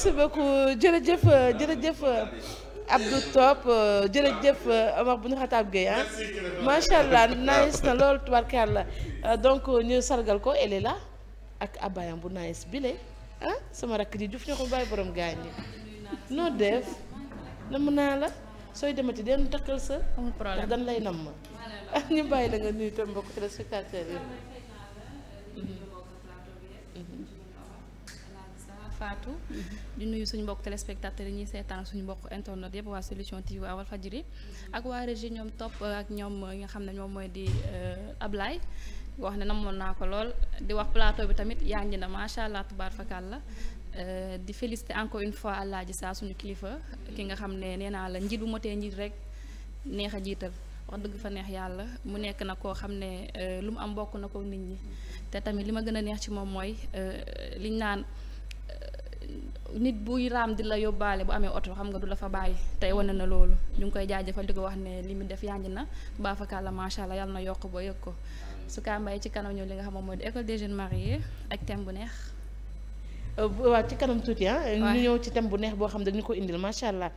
merci beaucoup jërëjëf jërëjëf Abdou Top jërëjëf Omar bu ñu xataab Gueye ah macha allah nice na lool la donc ñu sargal ko elle est ak abayam bu nice bile ah sama rakk ji Diouf ñoo ko bàyyi borom gaañ ñi noo def namm naa la sooy demati den takkal sa ndax dan lay namm ñu bàyyi la nga nuyu tam mbokk téléspectateurs yi Fatou. di nuyu suñu mbokk téléspectateurs yi ñuy seetaan suñu mbokk internet yëpp waa solution TV waa Walfadjri ak waa régie ñoom topp ak ñoom nga xam ne ñoom mooy di euh, Ablaye wax ne namoon naa ko lool di wax plateau bi tamit yaa ngi na macha allah tubaar fakal la euh, di féliciter encore une fois àllaaji saa suñu kilifa ki nga xam ne nee naa la njiit bu motee njiit rek neex a jiital wax dëgg fa neex yàlla mu nekk na koo xam ne euh, lu mu am bokk na ko nit ñi te mooy nit buy raam di la yóbbaale bu amee oto xam nga du la fa bàyyi tey wane na loolu ñu ngi koy jaajëfal di ko wax ne li mu def yanj na baa fakaa la macha allah yàlla na yokk ba yëg ko su kaa mbay ci kanam ñëw li nga xam moom mooy di école des jeunes mariés ak thème bu neex euh, waaw ci kanam tuuti ah ñu ñëw ci thème bu neex boo xam ne dañu ko indil macha allah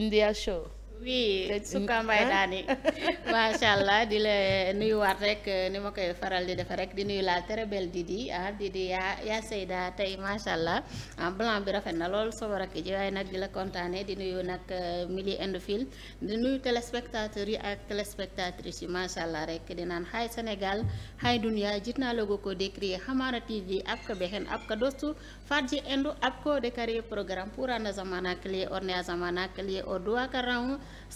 India show oui Souka Mbaye ah. Dany macha allah di la nuyuwaat rek eh, ni ma koy faral di defar rek di nuyu la très belle di ah Didi yaa yaa tey macha allah ah, blanc bi rafet na lool soo rakk ji waaye nag di la kontaane di nuyu nag eh, Mili Endofil di nuyu téléspectateurs yi ak téléspectatrices yi macha allah rek di naan xaay Sénégal xaay dunia jit naa logo ko décrier Hamara TV ab ko bexen ab ko dostu Fadji Endo ab ko décarrier programme pour anda zamana clé orne a zamana clé o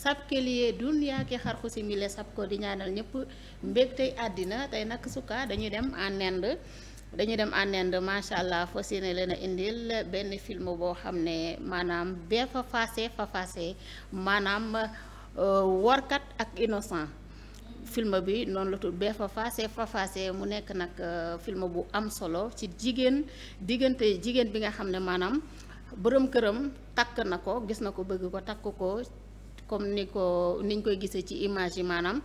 sapkeliye dunya ki xar xusi mile sap ko di ñaanal ñëpp mbég tey àddina tey nag suka dañuy dem en Inde dañuy dem en Inde macha allah fas yéene leen a indil benn film boo xam ne maanaam bee fa faase fa faase euh, warkat ak innocent film bi noonu la tudd mu nekk nag euh, film bu am solo ci jigéen diggante jigéen bi nga xam ne maanaam boroom këram takk na ko gis na ko bëgg ko takk ko comme ni ko niñ koy gisee ci image yi maanaam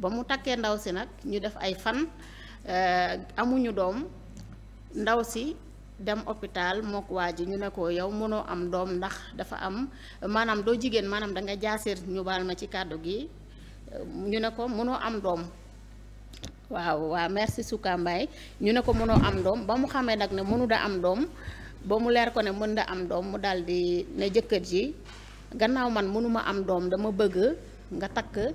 ba mu takkee ndaw si nag ñu def ay fan euh, amuñu doom ndaw si dem hôpital mook waa ji ñu ne ko yow mënoo am doom ndax dafa am maanaam doo jigéen maanaam danga nga jaaseer ñu baal ma ci kàddu gi ñu ne ko mënoo am doom waaw waa merci Souka Mbaye ñu ne ko mënoo am doom ba mu xamee nag ne mënu da am doom ba mu leer ko ne mën da am doom mu daal di ne jëkkër ji gannaaw man mënuma am doom dama bëgg nga takk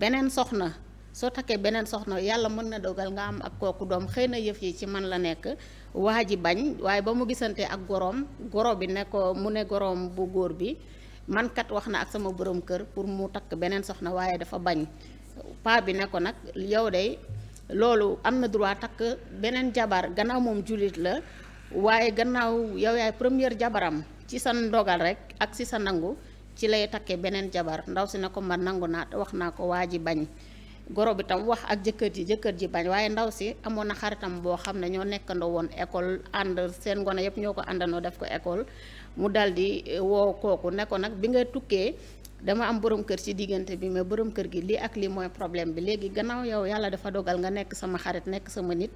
beneen soxna soo takkee beneen soxna yàlla mën na dogal nga am ak kooku doom xëy na yëf yi ci man la nekk waa ji bañ waaye ba mu gisante ak gorom goro bi ne ko mu ne gorom bu góor bi mankat wax na ak sama borom kër pour mu takk beneen soxna waaye dafa bañ paa bi ne ko nag yow de loolu am na droit takk beneen jabar gannaaw moom jullit la waaye gannaaw yow yaay première jabaram ci sa ndogal rek ak ci sa nangu ci lay takkee beneen jabar ndaw si ne ko man nangu naa wax naa ko waa ji bañ goro bi tam wax ak jëkkër ji jëkkër ji bañ waaye ndaw si amoon na xaritam boo xam ne ñoo nekkandoo woon école ànd seen ngoone yëpp ñoo ko àndandoo def ko école mu dal di eh, woo kooku ne ko nag bi nga tukkee dama am borom kër ci diggante bi mais bërëm kër gi lii ak lii mooy problème bi léegi gannaaw yow yàlla dafa dogal nga nekk sama xarit nekk sama nit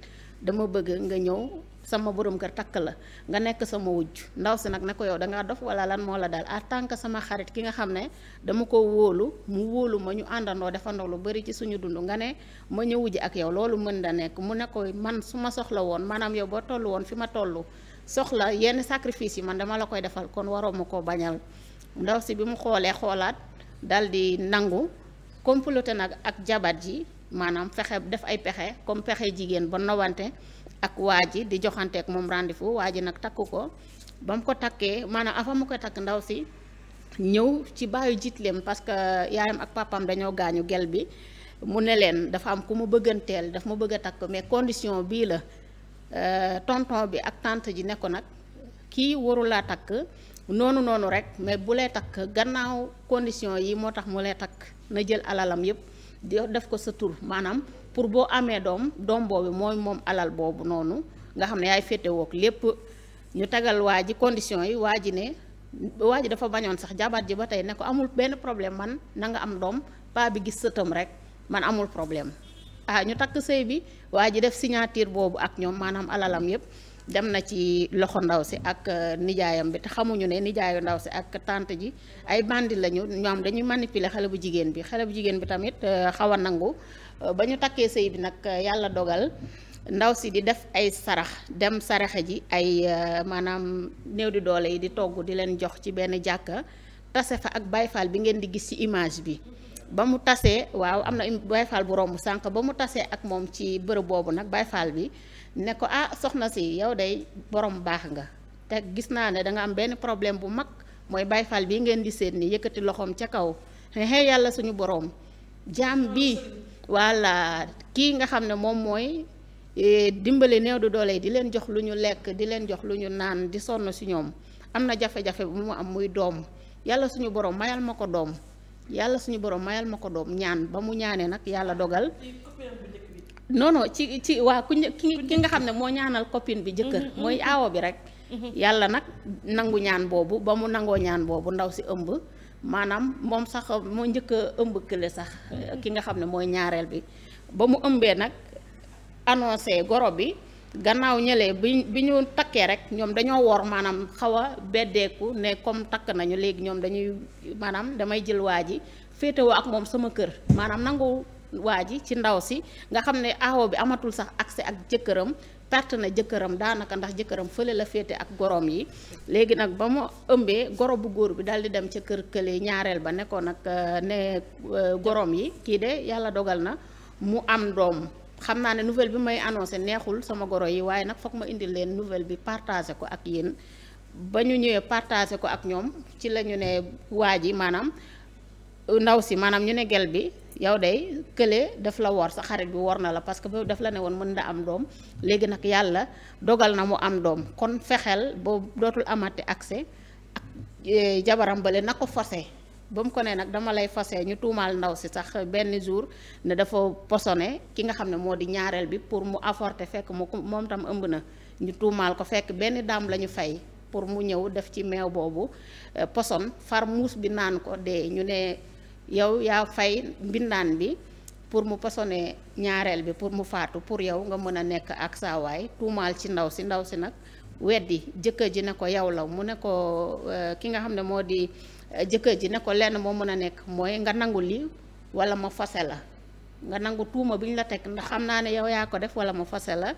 dama bëgg nga ñëw sama borom kër takk la nga nekk sama wujj ndaw si nag ne ko yow dangaa dof wala lan moo la daal en tant que sama xarit ki nga xam ne dama ko wóolu mu wóolu ma ñu àndandoo defandoo lu bari ci suñu dund nga ne ma ñu ji ak yow loolu mën na nekk mu ne ko man su ma soxla woon maanaam yow boo toll woon fi ma toll soxla yenn sacrifice yi man dama la koy defal kon waroo ma koo bañal ndaw si bi mu xoolee xoolaat dal di nangu comploté nag ak jabat ji maanaam fexe def ay pexe comme pexe jigéen ba nowante ak waa ji di joxanteek moom rendez-vous waa ji nag takk ko ba mu ko takkee maanaam avant mu ko takk ndaw si ñëw ci baayu jiitleem parce que yaayam ak papaam dañoo gaañu gel bi mu ne leen dafa am ku ma bëgganteel daf ma bëgg a takk mais condition bii la euh, tonton bi ak tante ji ne ko nag kii warulaa takk noonu noonu rek mais bu lay takk gannaaw condition yi moo tax mu lay takk na jël alalam yëpp def ko sa tur maanaam pour boo amee doom doom boobu mooy moom alal boobu noonu nga xam ne yaay féetewoo ak lépp ñu tagal waa ji condition yi waa ji ne waa ji dafa bañoon sax jabaat ji ba tey ne ko amul benn problème man nanga am doom paa bi gis sa sëtam rek man amul problème ah ñu takk sëy bi waa ji def signature boobu ak ñoom maanaam alalam yépp dem na ci loxo ndaw si ak euh, nijaayam bi te xamuñu ne nijaayu ndaw si ak tante ji ay bandi lañu ñoom dañuy manipuler xale bu jigéen bi xale bu jigéen bi tamit euh, xaw a nangu euh, ba ñu takkee sëy bi nag yàlla dogal ndaw si di def ay sarax dem saraxe ji ay maanaam néew di doole yi di togg di leen jox ci benn jàkka tase fa ak bayfaal bi ngeen di gis ci image bi ba mu tasee waaw am na bayfaal bu romb sànq ba mu tasee ak moom ci bërëb boobu nag bayfaal bi ne ko ah soxna si yow day borom baax nga te gis naa ne danga am benn problème bu mag mooy bay fal bii ngeen di seet ni yëkkati loxoom ca kaw xëy yàlla suñu boroom jaam bi walla kii nga xam ne moom mooy e, dimbali neew du doole di leen jox lu ñu lekk di leen jox lu ñu naan di sonn si ñoom am na jafe-jafe bu mu am muy doom yàlla suñu borom mayal ma ko doom yàlla suñu borom mayal ma ko doom ñaan ba mu ñaanee nag yàlla dogal non non ci ci waa ku ki nga xam ne moo ñaanal copine bi jëkkër mm-hmm, mooy mm-hmm. aawo bi rek mm-hmm. yàlla nag nangu ñaan boobu ba mu nangoo ñaan boobu ndaw si ëmb maanaam moom sax moo njëkk a ëmb kële sax ki nga xam ne mooy ñaareel bi ba mu ëmbee nag annoncé goro bi gannaaw ñëlee bi bi ñu takkee rek ñoom dañoo woor maanaam xaw a beddeeku ne comme takk nañu léegi ñoom dañuy maanaam damay jël waa ji féetewoo ak moom sama kër maanaam nangu waa ji ci ndaw si nga xam ne awo bi amatul sax accès ak jëkkëram perte na jëkkëram daanaka ndax jëkkëram fële la féete ak gorom yi léegi nag ba mu ëmbee goro bu góor bi daal di dem ca kër kële ñaareel ba nekkoon ak ne euh, euh, gorom yi kii de yàlla dogal na mu am doom xam naa ne nouvelle bi may annoncé neexul sama goro yi waaye nag foog ma indil leen nouvelle bi partagé ko ak yéen ba ñu ñëwee partagé ko ak ñoom ci la ñu ne waa ji maanaam euh, ndaw si maanaam ñu ne gel bi yow day kële daf la wor sa xarit bi wor na la parce que daf la ne woon mën na am doom léegi nag yàlla dogal na mu am doom kon fexeel ba dootul amati accès ak eh, jabaram bale na ko forcé ba mu ko ne nag dama lay fase ñu tuumaal ndaw si sax benn jour ne dafa posone ki nga xam ne moo di ñaareel bi pour mu avorter fekk moom tam ëmb na ñu tuumaal ko fekk benn daam la ñu fay pour mu ñëw def ci meew boobu eh, poson far muus bi naan ko dee ñu ne yow yaa fay mbindaan bi pour mu posone ñaareel bi pour mu faatu pour yow nga mën a nekk ak saawaay tuumaal ci ndaw si ndaw si nag weddi jëkkër ji ne ko yow la mu ne ko euh, ki nga xam ne moo di euh, jëkkër ji ne ko lenn moo mën a nekk mooy nga nangu lii wala ma fase la nga nangu tuuma bi ñu la teg ndax xam naa ne yow yaa ko def wala ma fase la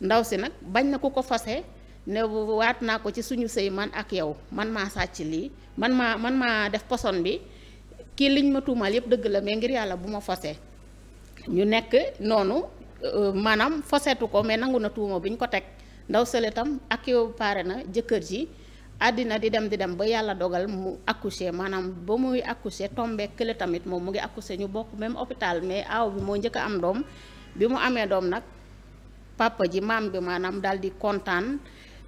ndaw si nag bañ na ku ko fase ne waat naa ko ci suñu sëy man ak yow man maa sàcc lii man man maa def poson bi kii liñ ma tuumaal yëpp dëgg la mais ngir yàlla bu ma fosee ñu nekk noonu euh, maanaam fosetu ko mais nangu na tuuma bi ñu ko teg ndaw sële tam ak yow paare na jëkkër ji àddina di dem di dem ba yàlla dogal mu accouché maanaam ba muy accouché tombé kële tamit moom mu ngi accouché ñu bokk même hôpital mais aw bi moo njëkk am doom bi mu amee doom nag papa ji maam bi maanaam daal di kontaan.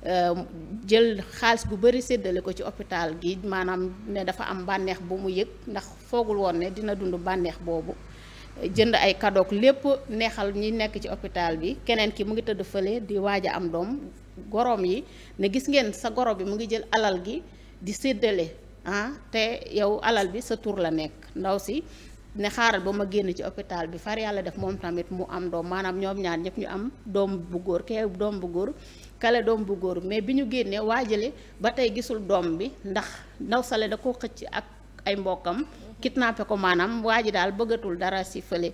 Euh, jël xaalis bu bëri séddale ko ci hôpital gi maanaam ne dafa am bànneex bu mu yëg ndax foogul woon ne dina dund bànneex boobu jënd ay kadoog lépp neexal ñi nekk ci hôpital bi keneen ki mu ngi tëdd fële di waaja am doom goroom yi ne gis ngeen sa goro bi mu ngi jël alal gi di séddale ah te yow alal bi sa tur la nekk ndaw si ne xaaral ba ma génn ci hôpital bi far yàlla def moom tamit mu am doom maanaam ñoom ñaar ñëpp ñu am doom bu góor kee doom bu góor kale doom bu góor mais bi ñu génnee waajale ba tey gisul doom bi ndax ndaw sale da ko xëcc ak ay mbokkam kidnappé ko maanaam waaji daal bëggatul dara si fële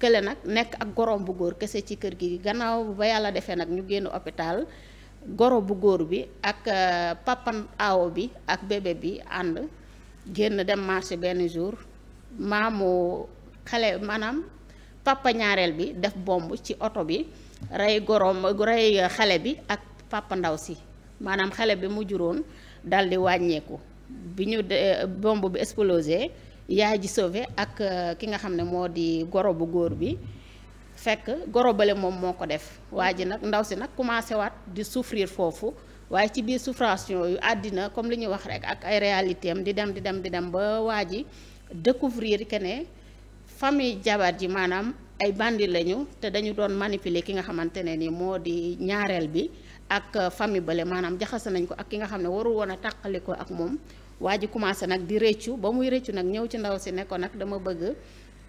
kële nag nekk ak gorom bu góor kese ci kër gi gannaaw ba yàlla defee nag ñu génn hôpital goro bu góor bi ak uh, papan aawo bi ak bébé bi ànd génn dem marché benn jour maamu xale maanaam papa ñaareel bi def bomb ci oto bi rey goroom rey xale bi ak papa ndaw si maanaam xale bi mu juróon dal di wàññeeku bi ñu bomb bi explosé yaay ji sauvé ak uh, ki nga xam ne moo di goro bu góor bi fekk goro bale moom moo ko def waa ji nag ndaw si nag commencé waat di souffrir foofu waaye ci biir souffrance yu àddina comme li ñuy wax rek ak ay réalité am di dem di dem di dem ba waa ji découvrir que ne famille jabar ji maanaam ay bandi lañu te dañu doon manipuler ki nga xamante ne nii moo di ñaareel bi ak euh, famille bale maanaam jaxase nañ ko ak ki nga xam ne warul woon a tàqali ak moom waa ji commencé nag di réccu ba muy réccu nag ñëw ci ndaw si ne ko nag dama bëgg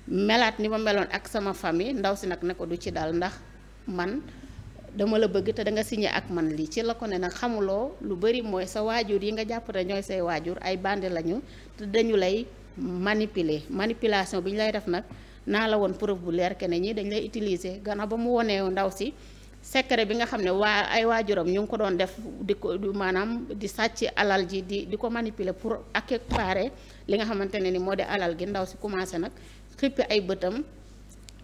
melaat ni ma meloon ak sama famille ndaw si nag ne ko du ci dal ndax man dama la bëgg te danga nga ak man lii ci la ko ne nag xamuloo lu bari mooy sa waajur yi nga jàppate ne ñooy say waajur ay bandi lañu te dañu lay manipuler manipulation bi ñu lay def nag naa la woon preuve bu leer que ne ñii dañ lay utiliser gana ba mu wonee ndaw si secret bi nga xam ne waa ay waajuram ñu ngi ko doon def di ko maanaam di sàcc alal ji di di ko manipuler pour accaparer li nga xamante ne ni moo di alal gi ndaw si commencé nag xippi ay bëtam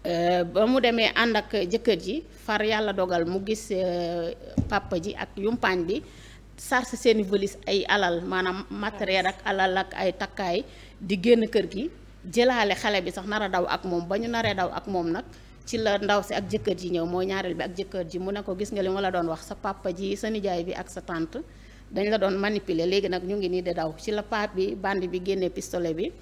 Uh, ba mu demee ànd ak jëkkër ji far yàlla dogal mu gis uh, papa ji ak yumpaañ bi sars seeni valise ay alal maanaam matériel ak alal ak ay takkaay di génn kër gi jëlaale xale bi sax nar a daw ak moom ba ñu naree daw ak moom nag ci la ndaw si ak jëkkër ji ñëw mooy ñaareel bi ak jëkkër ji mu ne ko gis nga li ma la doon wax sa papa ji sa nijaay bi ak sa tante dañ la doon manipuler léegi nag ñu ngi nii di daw ci la pap bi bandi bi génnee pistolet bi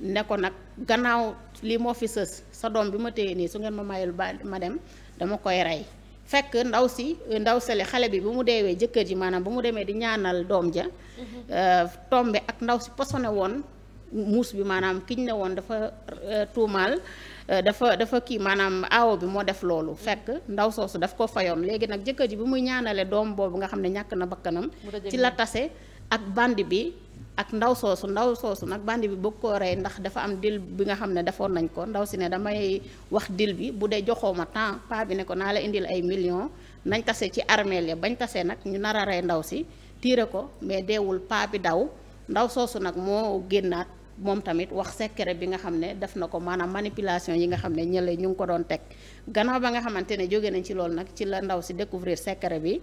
ne ko nag gannaaw lii moo fi sës sa doom bi ma téye nii su ngeen ma mayul ba ma dem dama koy rey fekk ndaw si ndaw sele xale bi bu mu deewee jëkkër ji maanaam bu mu demee di ñaanal doom ja mm-hmm. euh, tombe ak ndaw si posone woon muus bi maanaam kiñ ne woon dafa euh, tuumaal euh, dafa dafa kii maanaam aawo bi moo def loolu fekk ndaw soosu daf ko fayoon léegi nag jëkkër ji bi muy ñaanale doom boobu nga xam ne ñàkk na bakkanam ci la tase ak bandi bi ak ndaw soosu ndaw soosu nag bandi bi bëgg koo rey ndax dafa am dil bi nga xam ne defoon nañ ko ndaw si ne damay wax dil bi bu dee joxoo ma temps pa bi ne ko naa la indil ay millions nañ tase ci armeel ya bañ tase nag ñu nar a rey ndaw si tiire ko mais deewul pa bi daw ndaw soosu nag moo génnaat moom tamit wax secret bi nga xam ne def na ko maanaam manipulation yi nga xam ne ñële ñu ngi ko doon teg gannaaw ba nga xamante ne jóge nañ ci loolu nag ci la ndaw si découvrir secret bi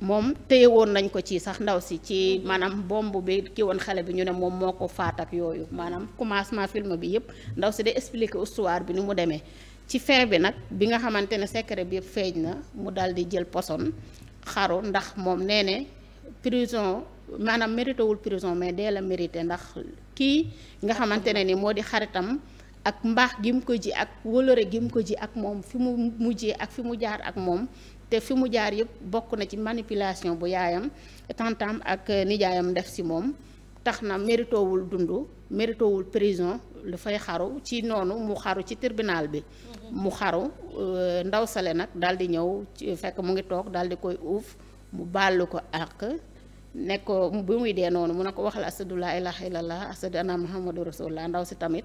moom téye woon nañ ko ci sax ndaw si ci maanaam bomb bi ki woon xale bi ñu ne moom moo ko faat ak yooyu maanaam commencement film bi yëpp ndaw si de expliquer histoire bi ni mu demee ci fin bi nag bi nga xamante ne secret bi yëpp feeñ na mu daal di jël poson xaru ndax moom nee ne prison maanaam mérité wul prison mais dee mérité ndax kii nga xamante ne ni moo di xaritam ak mbaax gi mu ko ji ak wóllëre gi mu ko ji ak moom fi mu mujjee ak fi mu jaar ak moom te fi mu jaar yëpp bokk na ci manipulation bu yaayam tantam ak nijaayam def ci moom tax na méritowul dund méritowul prison lu fay xaru ci noonu mu xaru ci tribunal bi mhm. mu xaru euh, ndaw sale nag daal di ñëw fekk mu ngi toog daal di koy uuf mu baalu ko àq nekkoo ko muy dee noonu mun ne ko waxal asadu laa ilaaha illallah asadu anna muhammadu rasulullah ndaw si tamit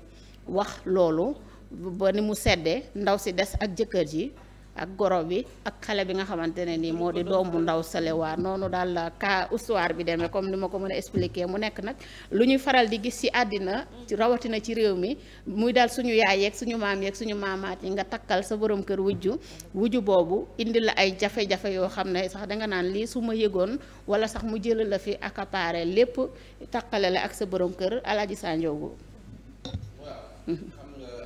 wax loolu ba ni mu seddee ndaw si des ak jëkkër ji ak goro bi ak xale bi nga xamante ne nii moo di doomu ndaw salewaa noonu daal la ka histoire bi demee comme ni ma ko mën a mu nekk nag lu ñuy faral di gis ci àddina rawatina ci réew mi muy dal suñu yaay yeeg suñu maam yeeg suñu maamaat yi nga takkal sa borom kër wujju wujju boobu indi la ay jafe-jafe yoo xam ne sax danga naan lii su ma yëgoon wala sax mu jël la fi accaparé lépp takkale la ak sa borom kër alaaji sànjoogu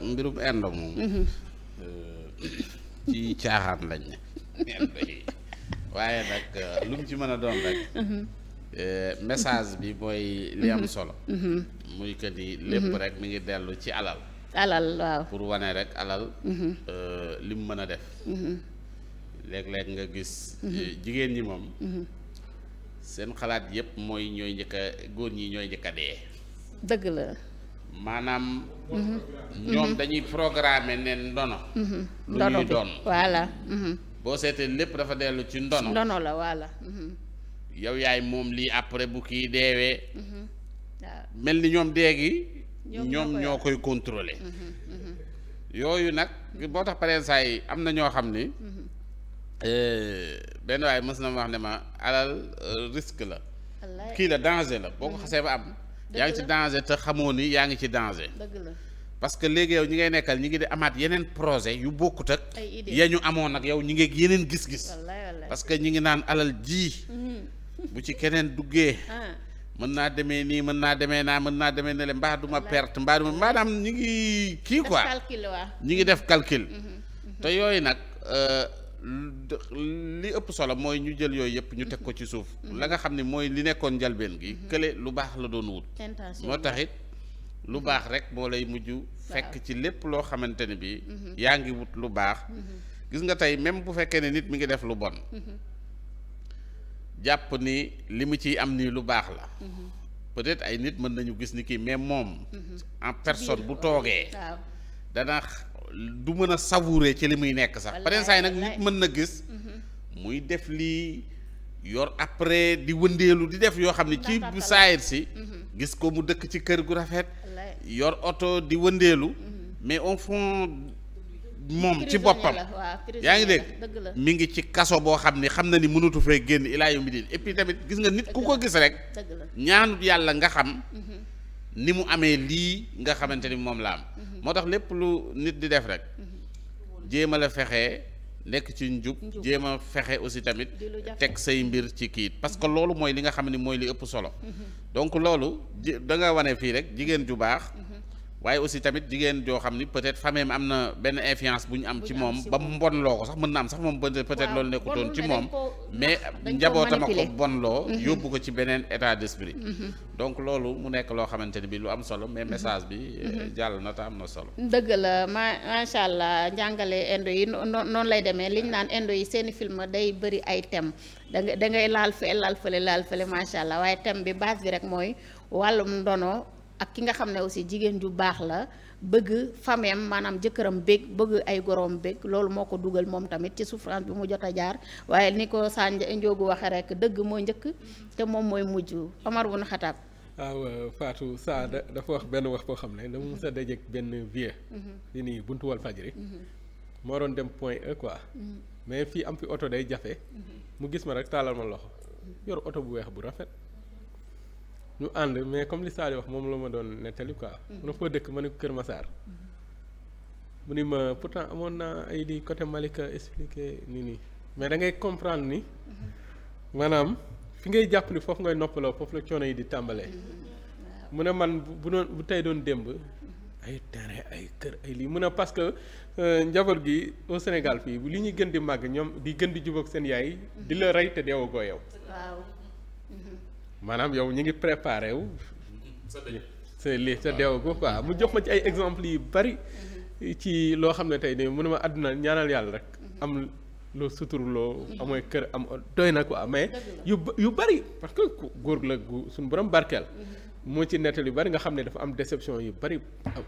mbirum ci caaxaan lañ ne waaye nag lu mu ci mën a doon rek mhm. eh, message bi mooy li am mhm. solo mhm. muy que ni lépp rek mi ngi dellu ci alal alal waaw pour wane rek alal eh, li mu mën a def léeg-léeg nga gis eh, jigéen ñi moom seen xalaat yépp mooy ñooy njëkk góor ñi ñooy njëkk a dee dëgg la maanaam. Mhm. ñoom mhm. dañuy programmer ne ndono. Mhm. lu ñuy doon voilà. boo seetee lépp dafa dellu ci ndono. ndono la voilà. yow yaay moom lii après bu kii deewee. mel ni ñoom dee gi. ñoom ñoo koy contrôler yooyu nag boo tax pareen saa am na ñoo xam ni. Eh, benn waaye mës na ma wax ne ma alal euh, risque la. kii la danger la boo ko xasee ba am. yaa ngi ci danger te xamoo ni yaa ngi ci danger. dëgg la parce que léegi yow ñi ngay nekkal ñi ngi di amaat yeneen projet yu bokkut ak. ay ya ñu amoon ak yow ñi ngi yeneen gis-gis. parce que ñi ngi naan alal jii mhm. bu ci keneen duggee. Ah. mën naa demee nii mën naa demee naa mën naa demee ne le mbaa du ma perte mbaa du ma maanaam ñi ngi kii ñi ngi def calcul. Mhm, mhm. te yooyu nag. Euh, li ëpp solo mooy ñu jël yooyu yëpp ñu teg ko ci suuf mhm. la nga xam ne mooy li nekkoon njalbeen gi mhm. kële lu baax la doon wut moo taxit lu mhm. baax rek moo lay mujj fekk ci lépp loo xamante ne bi yaa ngi wut lu baax gis nga tey même bu fekkee ne nit mi ngi def lu bon jàpp ni li mu ciy am nii lu baax la peut-être ay nit mën nañu gis ni kii mais moom en personne bu toogee dana du mën a savourer ci li muy nekk sax beneen saa yi nag nit mën na gis mhm. muy def lii yor après di wëndeelu di def yoo xam ne ci saayir si mhm. gis ko mu dëkk ci kër gu rafet yor oto di wëndeelu mhm. mais au fond moom ci boppam yaa ngi dégg mi ngi ci kaso boo xam ni xam na ni mënatu fee génn ilaa yombi din et tamit gis nga nit ku ko gis rek ñaanut yàlla nga xam ni mu amee lii nga xamante ni moom la am. Mhm. moo tax lépp lu nit di def rek. Mhm. jéem a la fexe nekk ci njub. jéem a fexe aussi tamit. teg say mbir ci kiit parce que loolu mooy li nga xam ni mooy li ëpp solo. Mhm. donc loolu da nga wane fii rek jigéen ju baax. waaye aussi tamit jigéen joo xam ni peut-être famille am na benn influence bu ñu am ci moom ba mu mbonloo ko sax mën na am sax moom peut-être loolu nekkutoon ci moom mais njabootam a ko bonloo mhm. yóbbu ko ci beneen état d'esprit mhm. donc loolu mu nekk loo xamante ni bi lu am solo mais mhm. message bi eh, jàll na te am na solo dëgg la ma macha allah njàngale indo yi noonu lay demee liñ naan indo yi seeni film day bëri ay thème da ngay da ngay laal fee laal fële laal fële macha allah waaye thème bi base bi rek mooy wàllum ndono ak ki nga xam ne aussi jigéen ju baax la bëgg fameem maanaam jëkkëram bëgg bëgg ay gorom bëgg loolu moo ko dugal moom tamit ci souffrance bi mu jot a jaar waaye ni ko saa njoogu waxee rek dëgg moo njëkk te moom mooy mujj Omar bun Xataab faatu Fatou saa dafa wax benn wax koo xam ne dama mës a dajeek benn vieux fi mhm. nii faj Walfadjri mhm. moo doon dem point E quoi mhm. mais fii am fi oto day jafe mu gis ma rek taalal ma loxo yor oto bu weex bu rafet ñu ànd mais comme li Saliou wax moom la ma doon nettali quoi. mu mhm. ne foo dëkk ma Kër Massar. Mhm. mu ni ma pourtant amoon naa ay di côté Malika expliqué nii mais da ngay comprendre ni mhm. maanaam fi ngay jàpp ni foofu ngay noppaloo foofu la coono yi di tàmbalee mun a man bu doon bu tey doon démb ay terrain ay kër ay lii mun a parce que euh, njaboot gi au Sénégal fii li ñuy gën di màgg ñoom di gën di jubóog seen yaay di la rey te deewagoo yow. waaw maanaam yow ñu ngi préparé wu. sa lii sa deew ko quoi mu jox ma ci ay exemples yu bari ci loo xam ne tey de mënuma àdduna ñaanal yàlla rek. am loo suturloo. amooy kër am doy na ko mais. yu yu bari parce que góor la gu suñu borom barkeel. Mm-hmm. moo ci nettal yu bari nga xam ne dafa am déception yi bari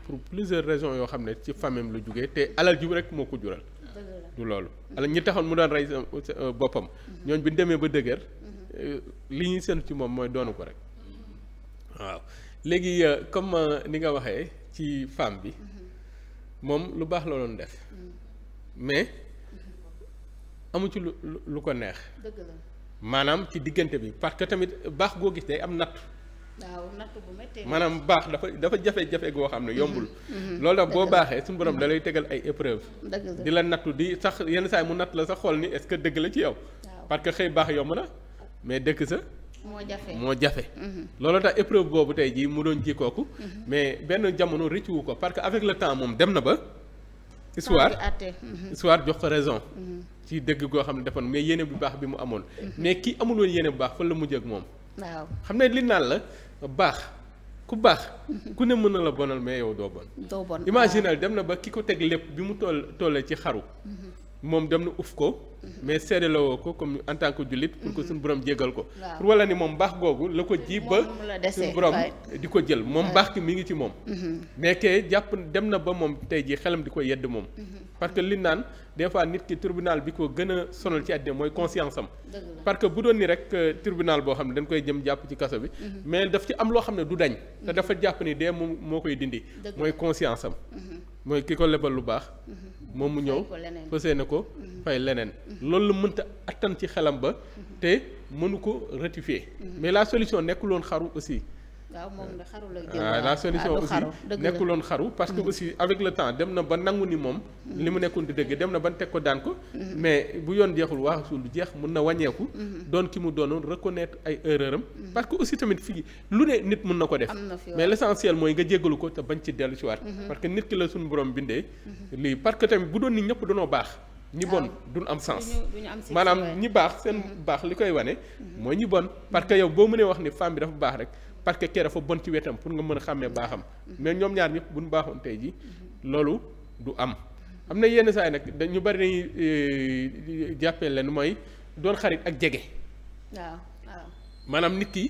pour plusieurs raisons yoo xam ne ci famille lu jugee te alal ju rek moo ko jural. du loolu. alal ñi taxoon mu daan rey euh, boppam. Mm-hmm. ñooñ bi ñu demee ba dëgër. li ñuy séntu ci moom mooy doonu ko rek mm-hmm. waaw léegi euh, comme euh, ni nga waxee ci femme bi mm-hmm. moom lu baax la doon def mm-hmm. mais amu ci lu lu ko neex. maanaam ci diggante bi parce que tamit baax goo gis day am natt. waaw natt bu méttee maanaam baax dafa dafa jafe-jafe goo xam ne yombul. loolu tax boo baaxee suñu borom da lay tegal ay épreuve di la nattu di sax yenn saa mu natt la sax xool ni est-ce que dëgg la ci yow. parce que xëy baax yomb na. mais dëkk sa. moo jafe moo jafe. Mhm. loolu tax épreuve boobu tey jii mu doon ji kooku. Mhm. mais benn jamono rëccuwu ko parce que avec le temps moom dem na ba. histoire mhm. histoire jox ko raison. ci dëgg goo xam ne defoon mais yéene bu baax bi mu amoon. mais kii amul woon yéene bu baax fan la mujjee ak moom. xam ne li naan la baax ku baax. ku ne mën na la bonal mais yow doo bon. doo bon imaginal dem na ba ki ko teg lépp bi mu toll tollee ci xaru. moom dem na uf ko. mais seede la woo ko comme en tant que jullit. pour que suñu boroom jégal ko. pour wala ni moom mbaax googu la ko ji ba. suñu borom di ko jël moom mbaax ki mi ngi ci moom. Mm-hmm. mais que jàpp dem na ba moom tey jii xelam di ko yedd moom. Mm-hmm. parce que li naan des fois nit ki tribunal bi ko gën a sonal ci àddina mooy conscience am. parce que bu doon nii rek euh, tribunal boo xam ne dañ koy jëm jàpp ci kaso bi. Mm-hmm. mais daf ci am loo xam ne du dañ. te dafa jàpp ni de moom moo koy dindi. mooy conscience am. mooy ki ko lebal lu baax. Mm-hmm. moom mu ñëw fas yéene ko mm-hmm. fay leneen. Mm-hmm. loolu la mënta attan ci xelam ba. te mënu ko ratifier. mais la solution nekkuloon woon xaru aussi. waaw moom ah, la ah, xaru la jël la solution aussi nekkuloon xaru parce que mm-hmm. aussi avec le temps dem na ba nangu ni moom mm-hmm. li mu nekkoon di dëgg dem na ba teg ko daan ko mm-hmm. mais bu yoon jeexul waxul lu jeex mun na wàññeeku doon ki mu doonoon reconnaître ay erreur am parce que aussi tamit fii lu ne nit mun na ko def mais l'essentiel mooy nga jéggalu ko te bañ ci dellu ci waat parce que nit ki la suñu borom bindee lii parce que tamit bu doon nit ñëpp doonoo baax ñi bon duñ am sens maanaam ñi baax seen baax li koy wane mooy ñi bon parce que yow boo mënee wax ni femme bi dafa baax rek parce que kee dafa bon ci wetam pour nga mën a xàmmee baaxam mais ñoom ñaar ñëpp bu ñu baaxoon tey ji loolu du am am na yenn saay nag dañu bari dañuy eh, jàppee leen mooy doon xarit ak jege. waaw waaw maanaam nit ki.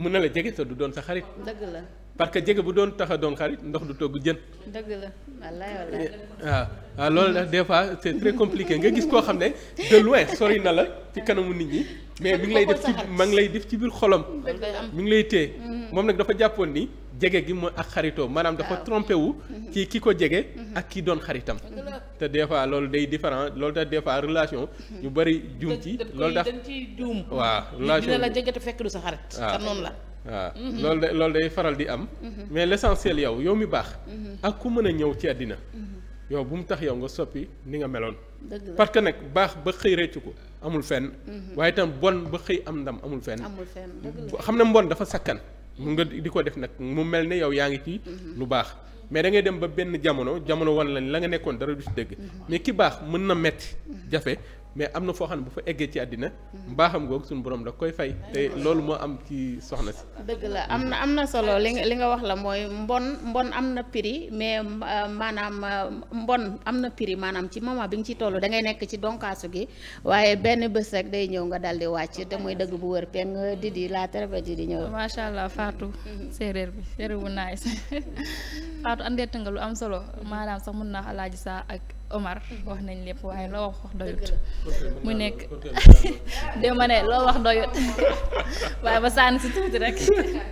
mën na la jege sa du doon sa xarit. dëgg la. parce que jege bu doon tax a doon xarit ndox du togg jën. dëgg la wallaay waaw waaw loolu nag des fois c'est très compliqué nga gis koo xam ne de loin sori na la ci kanamu nit ñi. mais mi ngi lay def ci ma lay def ci biir xolam. mi ngi lay téye. moom nag dafa jàppoon ni jege gi mooy ak xaritoo maanaam dafa trompé wu. ci ki ko jege. ak ki doon xaritam. te des fois loolu day différent loolu tax des fois relation. ñu bëri juum ci loolu dax dañ ciy juum. waaw relation dina la jege te fekk du sa xar waaw noonu la. waaw mhm. loolu day loolu day faral di am mhm. mais l'essentiel yow yow mi baax mhm. ak ku mën a ñëw ci àddina yow bu mu tax yow nga soppi ni nga meloon parce que nag baax ba xëy réccu ko amul fenn waaye itam bon ba xëy am ndam amul fenn xam ne mbon dafa sakkan mu nga di ko def nag mu mel ne yow yaa ngi ci lu baax mais da ngay dem ba benn jamono jamono wan la la nga nekkoon dara du si dëgg mais baax mën na metti jafe mais am na foo xam ne bu fa eggee ci àddina mm-hmm. mbaaxam googu suñu borom da koy fay te loolu moo am ci soxna si dëgg la am na am na solo li nga li nga wax la mooy mbon mbon am na piri mais euh, maanaam euh, mbon am na piri maanaam ci moment bi nga ci toll da ngay nekk ci donkaasu gi waaye benn bés rek day ñëw nga dal di wàcc te muy dëgg bu wër peng di di laa terebe di di ñëw macha allah Fatou mm-hmm. séeréer bi séeréer bu naay Fatou andeet nga lu am solo maanaam sax mun naa alaaji saa ak Omar wax nañ lépp waaye loo wax wax doyut mu nekk de ma ne loo wax doyut waaye ba sànni si tuuti rek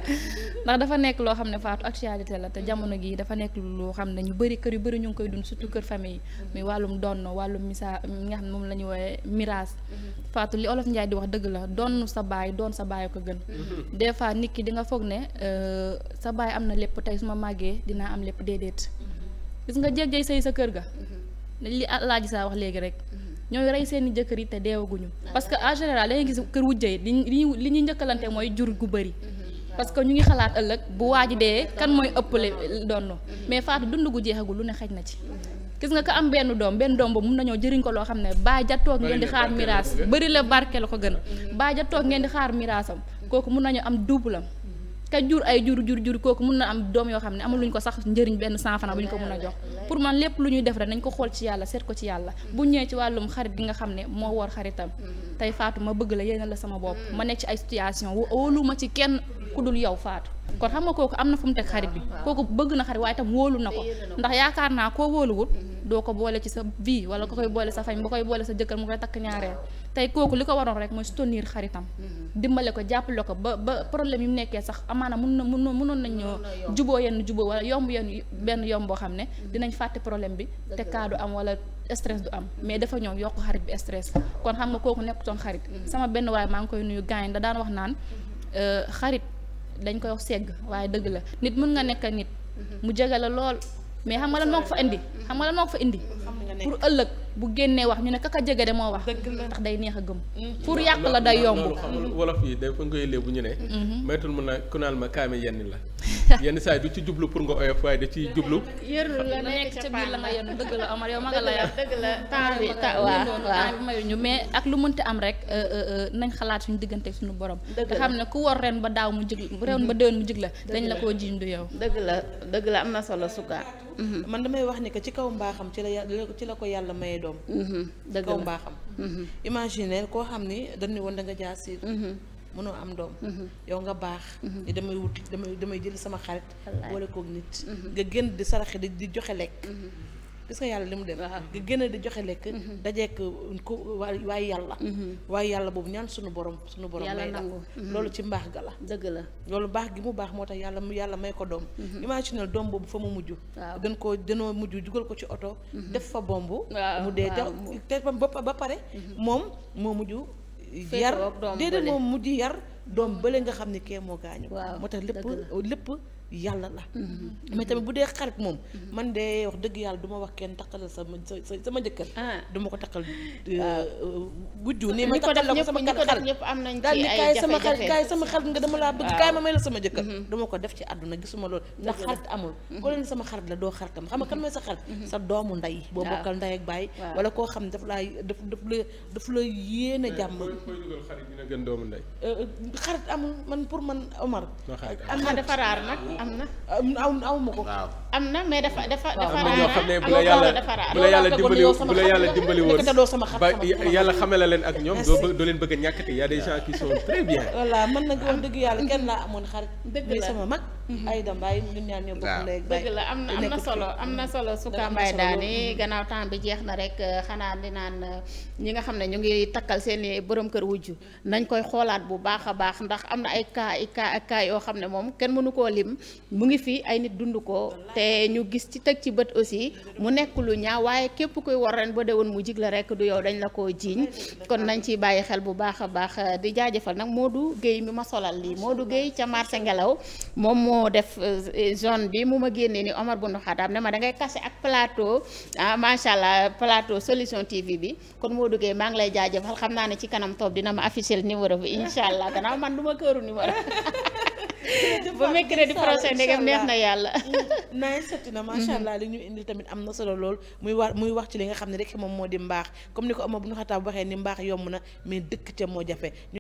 ndax dafa nekk loo xam ne faatu actualité la te jamono gi dafa nekk loo xam ne ñu bëri kër yu bëri ñu ngi koy dund surtout kër famille muy wàllum donn wàllum misa nga xam moom la ñu woowee miraas mm-hmm. faatu li olof Njaay di wax dëgg la donn sa baay doon sa baay ko gën mm-hmm. des fois nit ki di nga foog ne euh, sa baay am na lépp tey su ma màggee dinaa am lépp déedéet mm-hmm. gis nga jéeg-jéeg sëy sa kër ga li ji ah, saa wax léegi rek mm-hmm. ñooy rey seeni i jëkkër yi te deewaguñu ah, parce que en général da ngay gis kër wujje yi li li ñuy njëkkalante mooy jur gu bëri mm-hmm. parce que ñu ngi xalaat ëllëg bu mm-hmm. waaj dee kan mooy ëpp ëppale donn mais faatu dund gu jeexagu lu ne xaj na ci gis nga ko am benn doom benn doom ba mun nañoo jëriñ ko loo xam ne baay ja toog ngeen di xaar miraas bëri la barke la ko gën baay ja toog ngeen di xaar miraasam kooku mun nañu am double ka jur ay jur jur jur kooku mun na am doom yoo xam ne amul luñ ko sax njëriñ benn cent franc bu ñu ko mun a jox pour man lépp lu ñuy def rek nañ ko xool ci yàlla seet ko ci yàlla bu ñëwee ci wàllum xarit gi nga xam ne moo war xaritam tey faatu ma bëgg la yéena la sama bopp ma nekk ay situation wóolu ma ci kenn ku dul yow Fatou kon xam nga ko am na fu mu teg xarit bi kooku bëgg na xarit waaye tam woolu na ko ndax yaakaar naa koo wóoluwut doo ko boole ci sa vie wala ko koy boole sa fañ ba koy boole sa jëkkër mu koy takk ñaareel tey kooku li ko waroon rek mooy soutenir xaritam. Mm-hmm. dimbale ko jàppale ko ba ba problème yi mu nekkee sax amaana mun na mun mënoon nañoo juboo yenn juboo wala yomb yenn benn yomb boo xam ne mm-hmm. dinañ fàtte problème bi te kaadu am wala stress du am mm-hmm. mais dafa ñëw yokk xarit bi stress kon xam nga kooku nekkutoon xarit sama benn waaye maa ngi koy nuyu gaañ da daan wax naan euh, xarit dañ koy wax segg waaye dëgg la nit mën nga nekka nit mu jege la lool mais xam nga lan moo fa indi xam nga lan moo fa indi pour ëllëg bu génnee wax ñu ne kaka jege de moo wax. ndax day neex a gëm. Mm. pour yàq la day yomb. wolof yi day fa ngay léebu ñu ne. Mm-hmm. maytul mun a kunaal ma kaame yenn la. yenn saa yi du ci jublu pour nga oyof waaye da ciy jublu. yërul la nekk ca biir ma nga la yàq. dëgg la temps bi ta waaw waaw mayuñu mais ak lu mënti am rek euh, euh, euh, nañ xalaat suñu diggante suñu borom. dëgg xam ne ku war ren ba daaw mu jig ren ba déwén mu jig la. dañ la koo jiñ du yow. dëgg la dëgg la am na solo suka mm-hmm. man damay wax ni que ci ci la ko yàlla maye doom mm-hmm. dëgg kaw mbaaxam mm-hmm. imaginer koo xam ni dañ ne woon da nga jaasiir mm-hmm. mënoo am doom yow nga baax ni damay wuti damay damay jël sama xarit boole koog nit nga génn di saraxe di joxe lekk gis nga yàlla li mu dem gi gën a di joxe lekk mm-hmm. dajeek uh, ko waay waay yàlla mm-hmm. waaye yàlla boobu ñaan suñu borom suñu borom may dal mm-hmm. loolu ci mbaax ga la dëgg la loolu baax gi mu baax moo tax yàlla yàlla may ko doom imaginal doom boobu fa mu mujj gën koo danoo mujj jugal ko ci oto def fa bomb mu dee te ba pare moom moo mujj yar déedéet moom mujj yar doom bële nga xam ne kee moo gaañu moo tax lépp lépp yàlla la mm-hmm. Mm-hmm. mais tamit bu dee xarit moom mm-hmm. man de wax dëgg yàlla duma wax kenn takkalal sama sama jëkkër ah. du ma ko takkal wujju ah. euh, nii ma takkal la ko sama xarit ñëpp am nañ daal ni kaay sama xarit kaay sama xarit nga dama laa bëgg kaay ma may la sama jëkkër du ko def ci àdduna gisuma loolu ndax xarit amul ko leen sama xarit la doo xaritam xam nga kan mooy sa xarit sa doomu nday boo bokkal nday ak bàyyi wala koo xam daf laa daf daf la daf la yéen a eh, jàmm xarit euh, amul man pour man Omar am na dafa nag am na aw aw ma ko. am na mais dafa dafa dafa raara am na yàlla dafa raara bu la yàlla dimbali bu la yàlla dimbali woon ba yàlla xamala leen ak ñoom doo doo leen bëgg ñàkkati y a des gens qui sont très bien. voilà man nag wax dëgg yàlla kenn laa amoon xarit. dëgg la sama mag. Mhm. ay da mbaay ñun ñaar ñoo bokk la am na am na solo am na solo Souka Mbaye daane gannaaw temps bi jeex na rek euh, xanaa di naan euh, ñi nga xam ne ñu ngi takkal seen i borom kër wujju nañ koy xoolaat bu baax a baax ndax am na ay cas ay cas yoo xam ne moom kenn mënu koo lim mu ngi fi ay nit dund ko te ñu gis ci teg ci bët aussi mu nekk lu ñaaw waaye képp kuy war ren ba déwoon mu jig la rek du yow dañ la koo jiiñ kon nañ ci bàyyi xel bu baax a baax di jaajëfal nag Modou Guèye mi ma solal lii Modou Guèye ca marché ngelaw moom moo def euh, zone bi mu ma génnee ni Omar Boun Khattab ne ma dangay ngay kase ak plateau ah macha allah plateau solution TV bi kon Modou Guèye maa ngi lay jaajëfal xam naa ne ci kanam toog dina ma affiché numéro bi incha allah gannaaw man du ma këru numéro ba mercredi tey ndegam neex na yàlla naay setti na macha mm-hmm. allah li ñu indil tamit am na solo lool muy war muy wax ci li nga xam ne rek moom moo di mbaax comme ni ko Omar bu ñu xataa waxee ni mbaax yomb na mais dëkk ca moo jafe